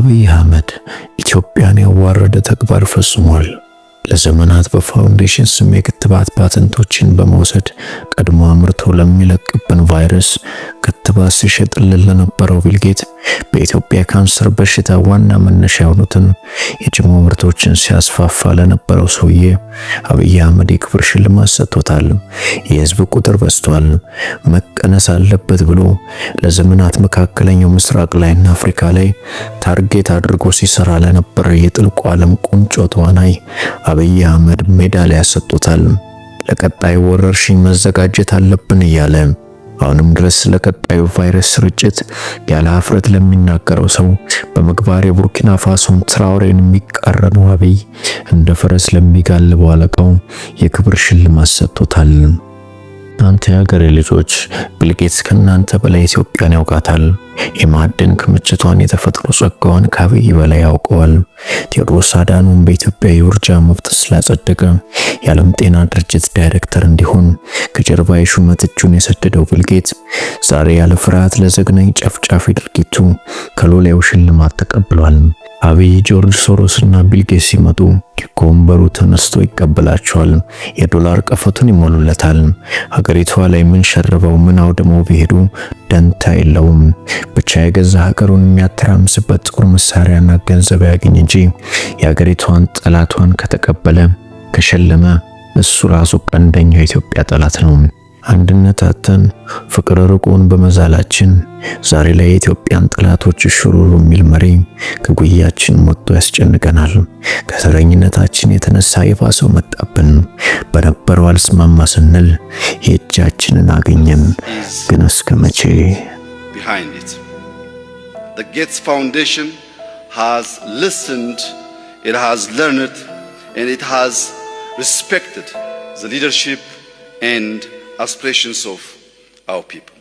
አብይ አህመድ ኢትዮጵያን ያዋረደ ተግባር ፈጽሟል። ለዘመናት በፋውንዴሽን ስም የክትባት ፓተንቶችን በመውሰድ ቀድሞ አምርቶ ለሚለቅብን ቫይረስ ክትባት ሲሸጥልን ለነበረው ቢልጌት በኢትዮጵያ ካንሰር በሽታ ዋና መነሻ የሆኑትን የጭሞ ምርቶችን ሲያስፋፋ ለነበረው ሰውዬ አብይ አህመድ የክብር ሽልማት ሰጥቶታል። የህዝብ ቁጥር በዝቷል፣ መቀነስ አለበት ብሎ ለዘመናት መካከለኛው ምስራቅ ላይና አፍሪካ ላይ ታርጌት አድርጎ ሲሰራ ለነበረ የጥልቁ ዓለም ቁንጮ ተዋናይ አብይ አህመድ ሜዳሊያ ሰጥቶታል። ለቀጣይ ወረርሽኝ መዘጋጀት አለብን እያለ አሁንም ድረስ ለቀጣዩ ቫይረስ ስርጭት ያለ ሀፍረት ለሚናገረው ሰው በምግባር የቡርኪና ፋሶን ትራውሬን የሚቃረኑ አብይ እንደ ፈረስ ለሚጋልበው አለቃው የክብር ሽልማት ሰጥቶታል። እናንተ የሀገሬ ልጆች፣ ቢልጌትስ ከእናንተ በላይ ኢትዮጵያን ያውቃታል። የማዕድን ክምችቷን የተፈጥሮ ጸጋዋን ከአብይ በላይ ያውቀዋል። ቴዎድሮስ አዳኑን በኢትዮጵያ የውርጃ መብት ስላጸደቀ የዓለም ጤና ድርጅት ዳይሬክተር እንዲሆን ከጀርባ የሹመት እጁን የሰደደው ቢልጌት ዛሬ ያለ ፍርሃት ለዘግናኝ ጨፍጫፊ ድርጊቱ ከሎሌው ሽልማት ተቀብሏል። አብይ ጆርጅ እና ቢልጌት ሲመጡ ከወንበሩ ተነስቶ ይቀበላቸዋል። የዶላር ቀፈቱን ይሞሉለታል። ሀገሪቷ ላይ ምን ሸርበው ምን አውድመው ቢሄዱ ደንታ የለውም። ብቻ የገዛ ሀገሩን የሚያተራምስበት ጥቁር መሳሪያና ገንዘብ ያገኝ እንጂ የሀገሪቷን ጠላቷን ከተቀበለ ከሸለመ እሱ ራሱ ቀንደኛው የኢትዮጵያ ጠላት ነው። አንድነት አተን ፍቅር ርቆን በመዛላችን ዛሬ ላይ የኢትዮጵያን ጠላቶች ሽሩሩ የሚል መሪ ከጉያችን ሞቶ ያስጨንቀናል። ከተረኝነታችን የተነሳ የፋ ሰው መጣብን። በነበረው አልስማማ ስንል የእጃችንን አገኘን። ግን እስከ መቼ? The Gates Foundation has listened, it has learned, and it has respected the leadership and aspirations of our people.